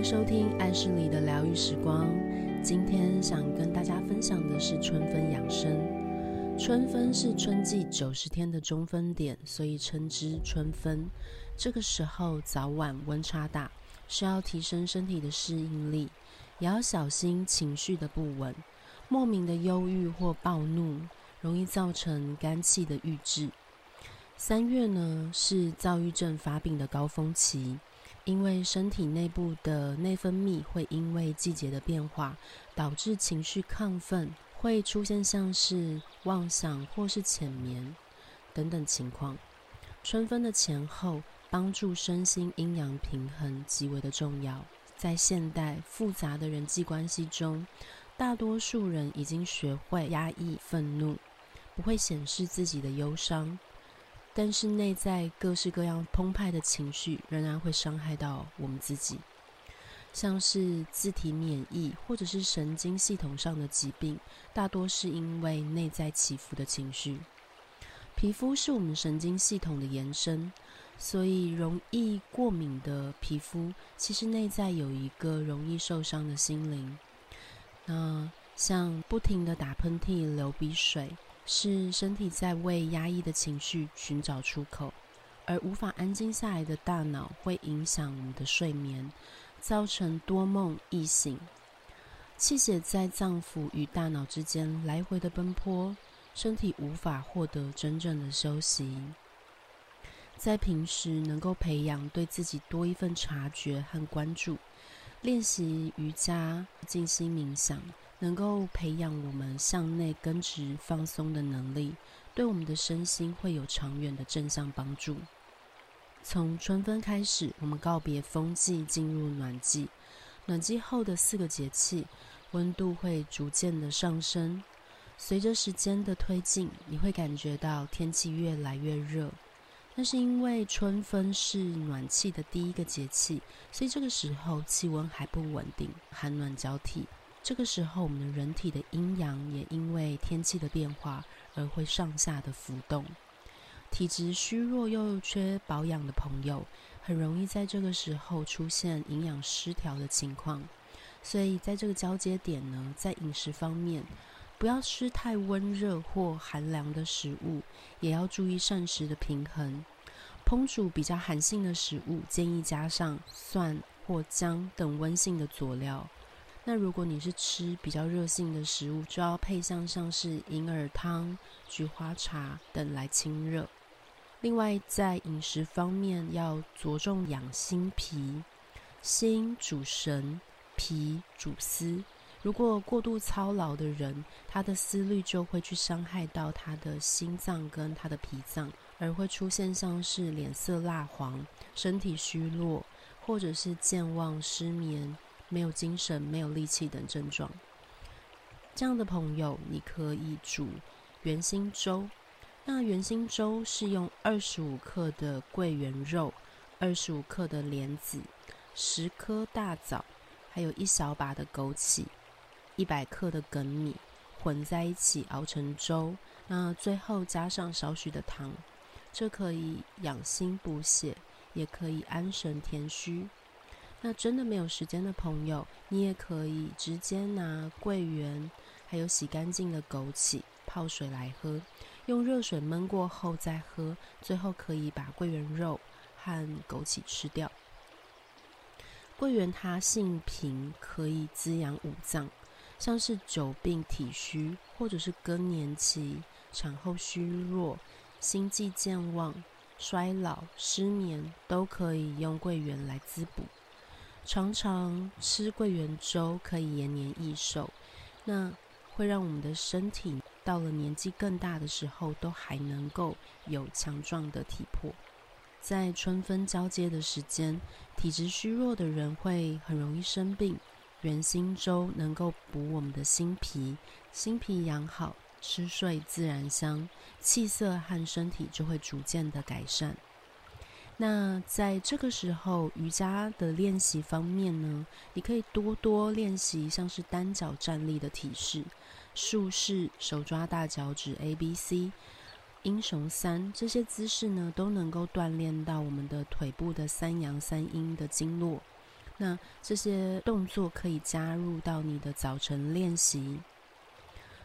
歡迎收聽《愛室裡的療癒時光》，今天想跟大家分享的是春分養生。春分是春季九十天的中分點，所以稱之春分。這個時候早晚溫差大，需要提升身體的適應力，也要小心情緒的不穩，莫名的憂鬱或暴怒，容易造成肝氣的鬱滯。三月呢，是躁鬱症發病的高峰期。因為身體內部的內分泌會因為季節的變化，導致情緒亢奮，會出現像是妄想或是淺眠等等情況。春分的前後，幫助身心陰陽平衡極為的重要。在現代複雜的人際關係中，大多數人已經學會壓抑憤怒，不會顯示自己的憂傷。但是內在各式各樣澎湃的情緒，仍然會傷害到我們自己。像是自體免疫或者是神經系統上的疾病，大多是因為內在起伏的情緒。皮膚是我們神經系統的延伸，所以容易過敏的皮膚，其實內在有一個容易受傷的心靈，呃。那像不停的打噴嚏、流鼻水。是身體在為壓抑的情緒尋找出口，而無法安靜下來的大腦會影響我們的睡眠，造成多夢易醒。氣血在臟腑與大腦之間來回的奔波，身體無法獲得真正的休息。在平時能夠培養對自己多一份察覺和關注，練習瑜伽、靜心冥想。能夠培養我們向內根植放鬆的能力，對我們的身心會有長遠的正向幫助。從春分開始，我們告別風季，進入暖季。暖季後的四個節氣，溫度會逐漸的上升。隨着時間的推進，你會感覺到天氣越來越熱。但是因為春分是暖氣的第一個節氣，所以這個時候氣溫還不穩定，寒暖交替。這個時候，我們的人體的陰陽也因為天氣的變化而會上下的浮動。體質虛弱又缺保養的朋友，很容易在這個時候出現營養失調的情況。所以，在這個交接點呢，在飲食方面，不要吃太溫熱或寒涼的食物，也要注意膳食的平衡。烹煮比較寒性的食物，建議加上蒜或薑等溫性的佐料。那如果你是吃比較熱性的食物，就要配上像是銀耳湯、菊花茶等來清熱。另外，在飲食方面要着重養心脾，心主神，脾主思。如果過度操勞的人，他的思慮就會去傷害到他的心臟跟他的脾臟，而會出現像是臉色蠟黃、身體虛弱，或者是健忘、失眠。沒有精神、沒有力氣等症狀，這樣的朋友，你可以煮圓心粥。那圓心粥是用二十五克的桂圓肉、二十五克的蓮子、十顆大棗，還有一小把的枸杞、一百克的粳米混在一起熬成粥，那最後加上少許的糖，這可以養心補血，也可以安神填虛。那真的沒有時間的朋友，你也可以直接拿桂圓，還有洗乾淨的枸杞泡水來喝，用熱水燜過後再喝，最後可以把桂圓肉和枸杞吃掉。桂圓它性平，可以滋養五臟，像是久病體虛，或者是更年期、產後虛弱、心悸健忘、衰老、失眠，都可以用桂圓來滋補。常常吃桂圓粥可以延年益壽，那會讓我們的身體到了年紀更大的時候都還能夠有強壯的體魄。在春分交接的時間，體質虛弱的人會很容易生病。圓心粥能夠補我們的心脾，心脾養好，吃睡自然香，氣色和身體就會逐漸的改善。那在這個時候，瑜伽的練習方面呢，你可以多多練習像是單腳站立的體式、樹式、手抓大腳趾 A、B、C、英雄三這些姿勢呢，都能夠鍛鍊到我們的腿部的三陽三陰的經絡。那這些動作可以加入到你的早晨練習。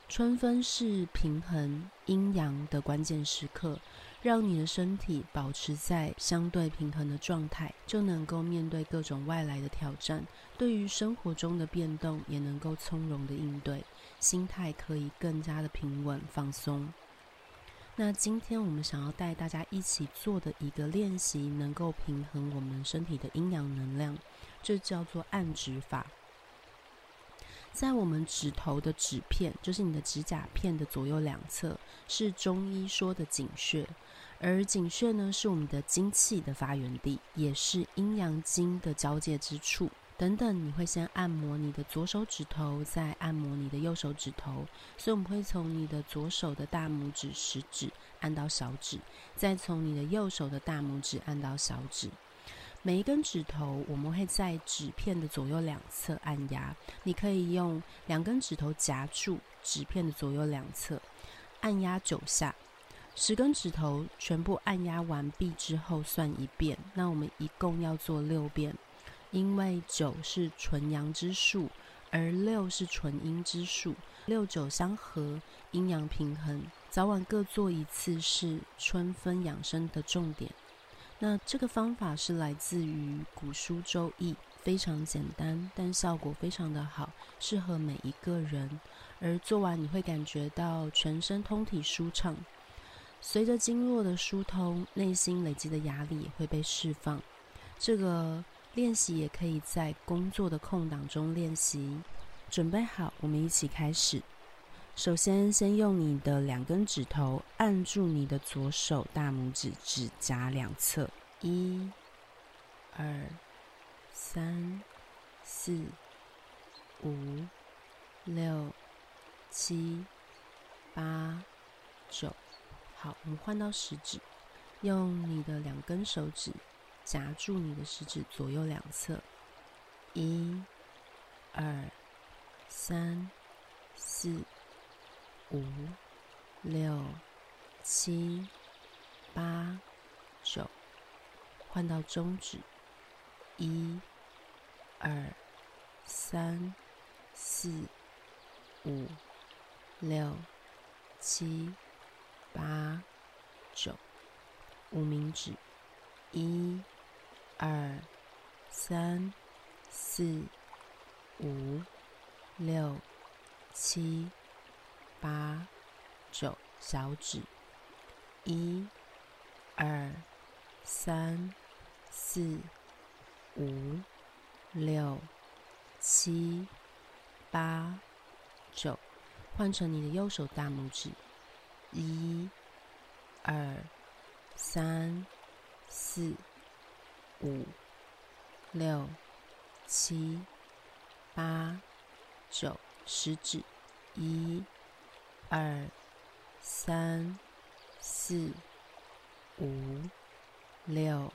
春分是平衡陰陽的關鍵時刻。讓你的身體保持在相對平衡的狀態，就能夠面對各種外來的挑戰。對於生活中的變動，也能夠從容的應對，心態可以更加的平穩放鬆。那今天我們想要帶大家一起做的一個練習，能夠平衡我們身體的陰陽能量，這叫做按指法。在我們指頭的指片，就是你的指甲片的左右兩側，是中醫說的井穴。而井穴呢，是我們的精氣的發源地，也是陰陽經的交界之處。等等，你會先按摩你的左手指頭，再按摩你的右手指頭。所以我們會從你的左手的大拇指、食指按到小指，再從你的右手的大拇指按到小指。每一根指頭，我們會在指片的左右兩側按壓。你可以用兩根指頭夾住指片的左右兩側，按壓九下。十根指頭全部按壓完畢之後算一遍，那我們一共要做六遍，因為九是純陽之數，而六是純陰之數，六九相合，陰陽平衡。早晚各做一次是春分養生的重點。那這個方法是來自於古書《周易》，非常簡單，但效果非常的好，適合每一個人。而做完你會感覺到全身通體舒暢。隨着經絡的疏通，內心累積的壓力也會被釋放。這個練習也可以在工作的空檔中練習。準備好，我們一起開始。首先，先用你的兩根指頭按住你的左手大拇指指甲兩側，一、二、三、四、五、六、七、八、九。好，我們換到食指，用你的兩根手指夾住你的食指左右兩側，一、二、三、四、五、六、七、八、九，換到中指，一、二、三、四、五、六、七。八九，無名指，一、二、三、四、五、六、七、八、九，小指，一、二、三、四、五、六、七、八、九，換成你的右手大拇指。一、二、三、四、五、六、七、八、九，食指，一、二、三、四、五、六、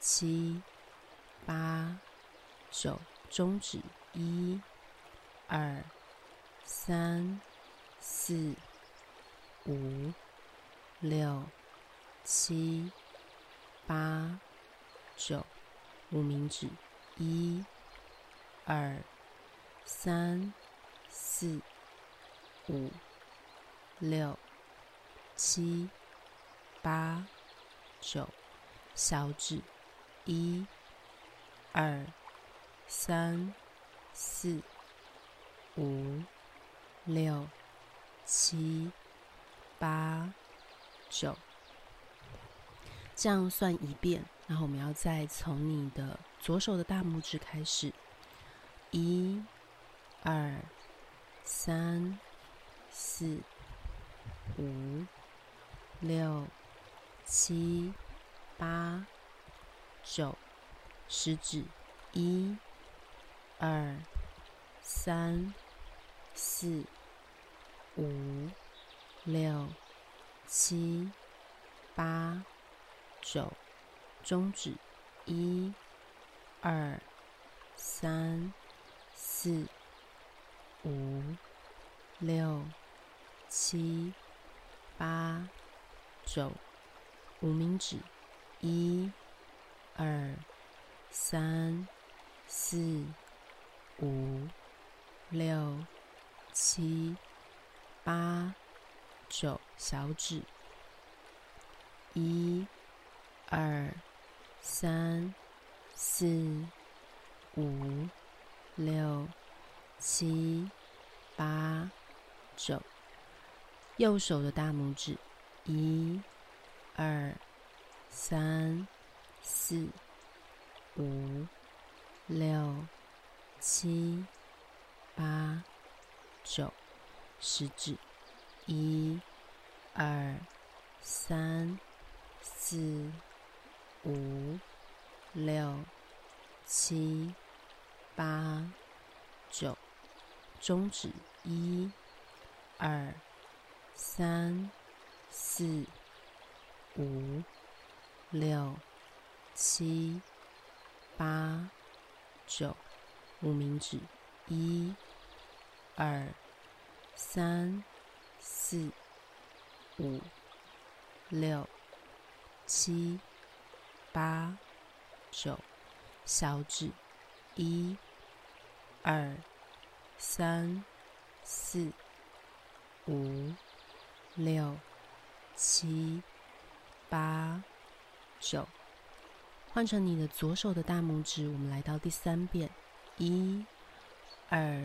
七、八、九，中指，一、二、三、四。五、六、七、八、九，無名指一、二、三、四、五、六、七、八、九，小指一、二、三、四、五、六、七。八九，這樣算一遍。然後我們要再從你的左手的大拇指開始，一、二、三、四、五、六、七、八、九，食指一、二、三、四、五。六、七、八、九，中指一、二、三、四、五、六、七、八、九，無名指一、二、三、四、五、六、七、八。九，小指，一、二、三、四、五、六、七、八、九。右手的大拇指，一、二、三、四、五、六、七、八、九、十指。一、二、三、四、五、六、七、八、九，中指一、二、三、四、五、六、七、八、九，無名指一、二、三、四、五、六、七、八、九，小指，一、二、三、四、五、六、七、八、九，換成你的左手的大拇指，我們來到第三遍，一、二、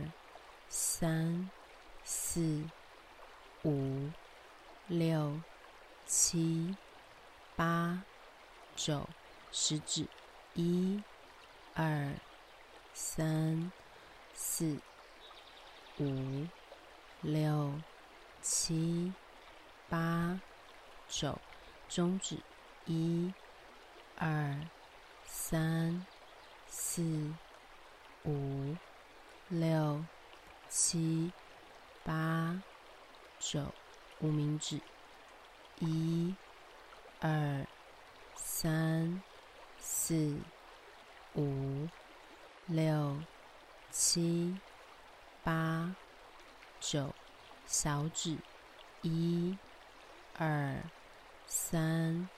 三、四。五、六、七、八、九，食指，一、二、三、四、五、六、七、八、九，中指，一、二、三、四、五、六、七、八。九，無名指，一，二，三，四，五，六，七，八，九，小指，一，二，三，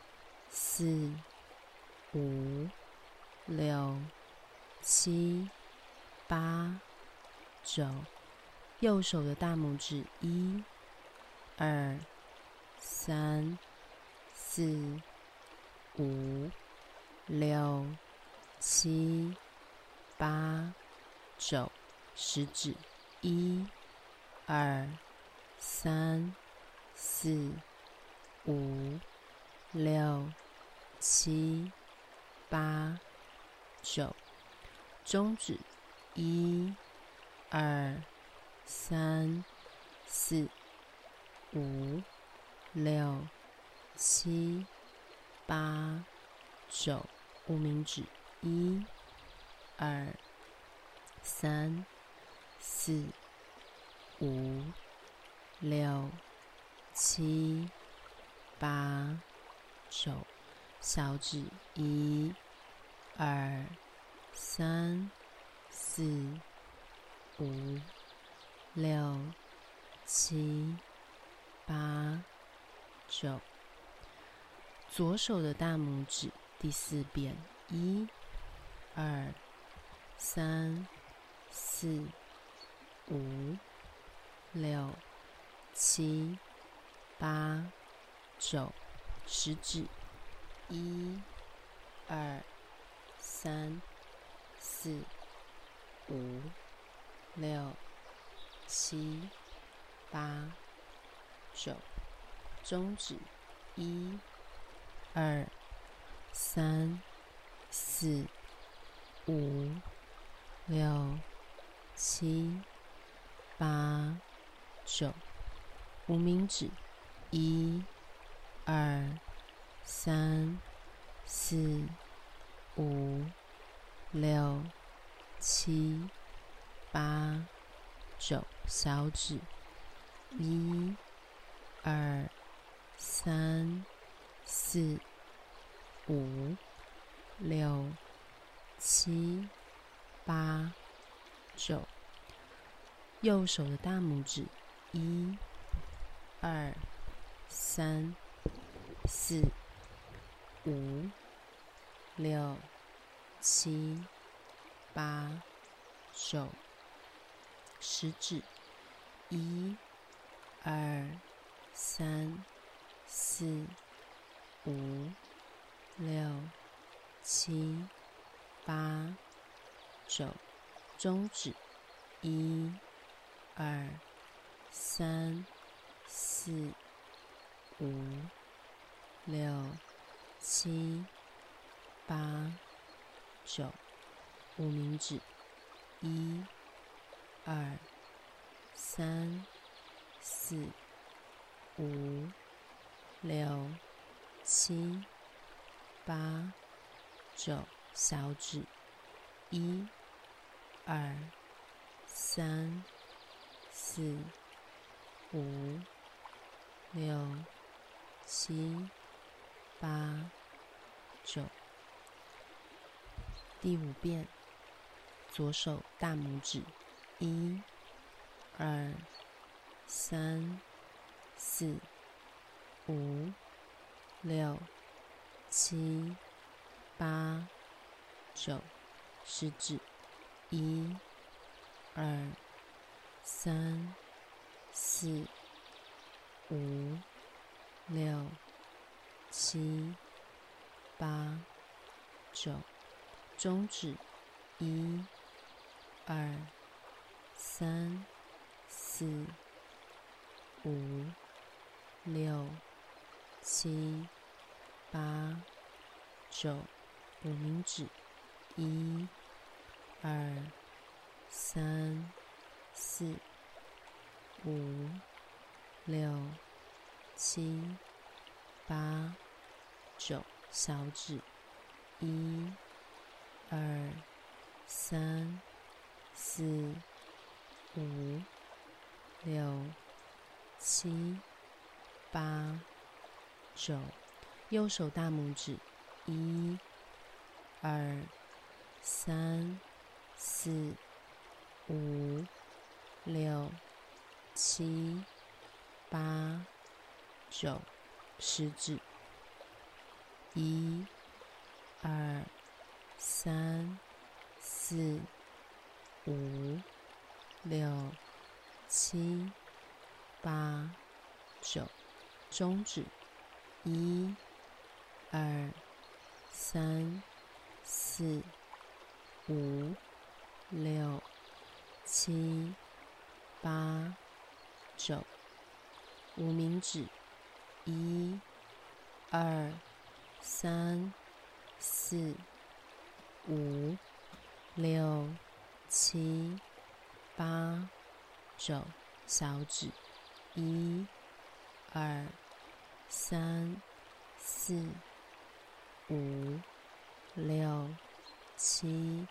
四，五，六，七，八，九，右手的大拇指，一。二、三、四、五、六、七、八、九，食指一、二、三、四、五、六、七、八、九，中指一、二、三、四。五、六、七、八、九，無名指，一、二、三、四、五、六、七、八、九，小指，一、二、三、四、五、六、七。八九，左手的大拇指第四遍，一、二、三、四、五、六、七、八、九，食指，一、二、三、四、五、六、七、八。九，中指，一、二、三、四、五、六、七、八、九，無名指，一、二、三、四、五、六、七、八、九，小指，一。二、三、四、五、六、七、八、九。右手的大拇指，一、二、三、四、五、六、七、八、九。食指，一、二。三、四、五、六、七、八、九，中指，一、二、三、四、五、六、七、八、九，無名指，一、二、三、四。五、六、七、八、九，小指。一、二、三、四、五、六、七、八、九。第五遍，左手大拇指。一、二、三。四、五、六、七、八、九，食指，一、二、三、四、五、六、七、八、九，中指，一、二、三、四、五。六、七、八、九，無名指；一、二、三、四、五、六、七、八、九，小指；一、二、三、四、五、六、七。八，九，右手大拇指，一，二，三，四，五，六，七，八，九，食指。一，二，三，四，五，六，七，八，九。中指，一、二、三、四、五、六、七、八、九；無名指，一、二、三、四、五、六、七、八、九；小指，一、二。三、四、五、六、七、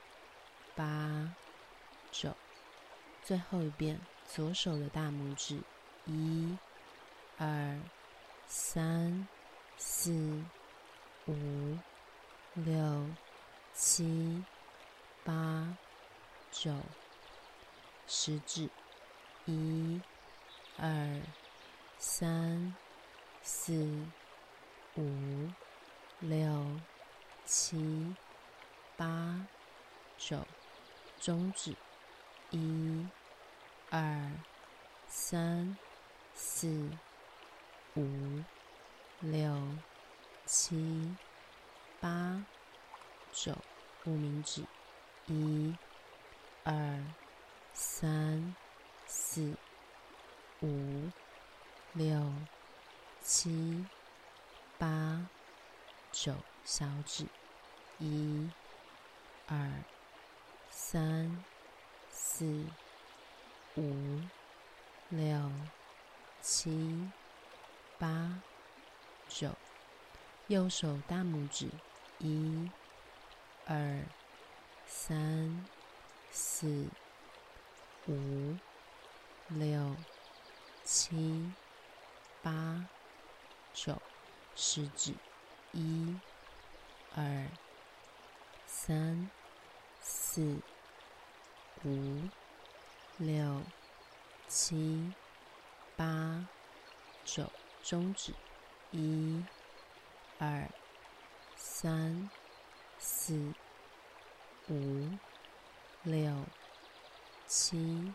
八、九，最後一遍左手的大拇指，一、二、三、四、五、六、七、八、九，食指，一、二、三。四、五、六、七、八、九，中指；一、二、三、四、五、六、七、八、九，無名指；一、二、三、四、五、六。七、八、九，小指；一、二、三、四、五、六、七、八、九，右手大拇指；一、二、三、四、五、六、七、八。食指，一、二、三、四、五、六、七、八、九；中指，一、二、三、四、五、六、七、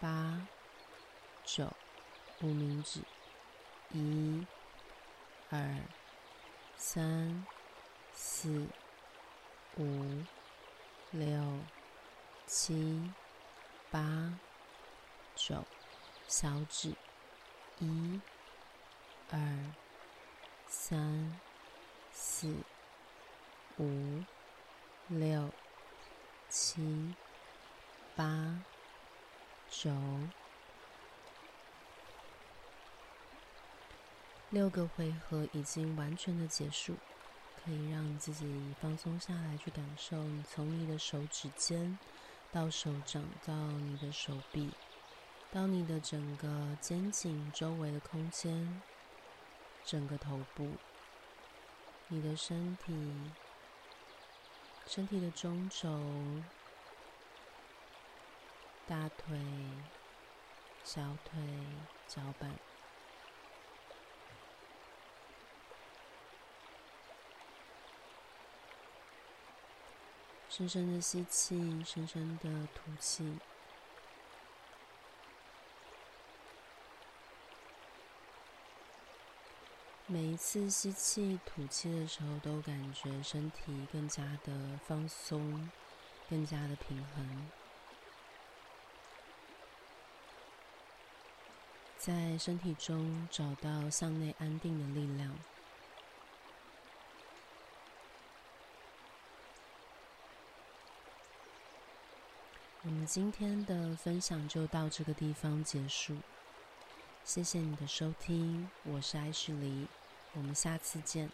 八、九；無名指，一。二、三、四、五、六、七、八、九，小指，一、二、三、四、五、六、七、八、九。六個回合已經完全的結束，可以讓你自己放鬆下來，去感受你從你的手指尖到手掌，到你的手臂，到你的整個肩頸周圍的空間，整個頭部，你的身體，身體的中軸，大腿，小腿，腳板。深深的吸氣，深深的吐氣。每一次吸氣、吐氣的時候，都感覺身體更加的放鬆，更加的平衡，在身體中找到向內安定的力量。我們今天的分享就到這個地方結束，謝謝你的收聽，我是艾許黎，我們下次見。